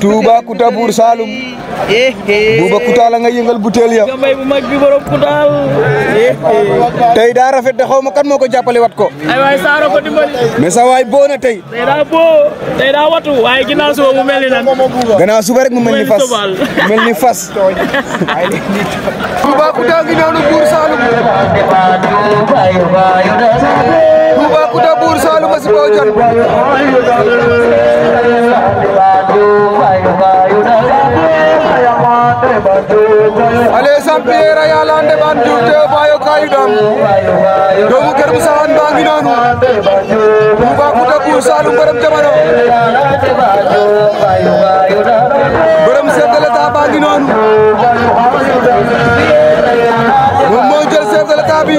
Touba Kouta Bour Saloum Bouba Kouta la nga yëngal butéel ya tey daa rafet de xaw ma kan moo ko jàppale wat ko ay waay saaro ko dimbali tey tey daa boo tey daa watu waaye ginnaaw suba mu mel ni mel ni fas mel ni fas ngi noonu Bour Saloum Touba Kouta Bour Saloum a si boo Alassane Pierre a yalande ban Diouf te bayo kayudam doomu Kër Moussa baa ngi noonu Toubacouta Kour Saloum borom jamono borom chef noonu moom moo jël chef de l'État bi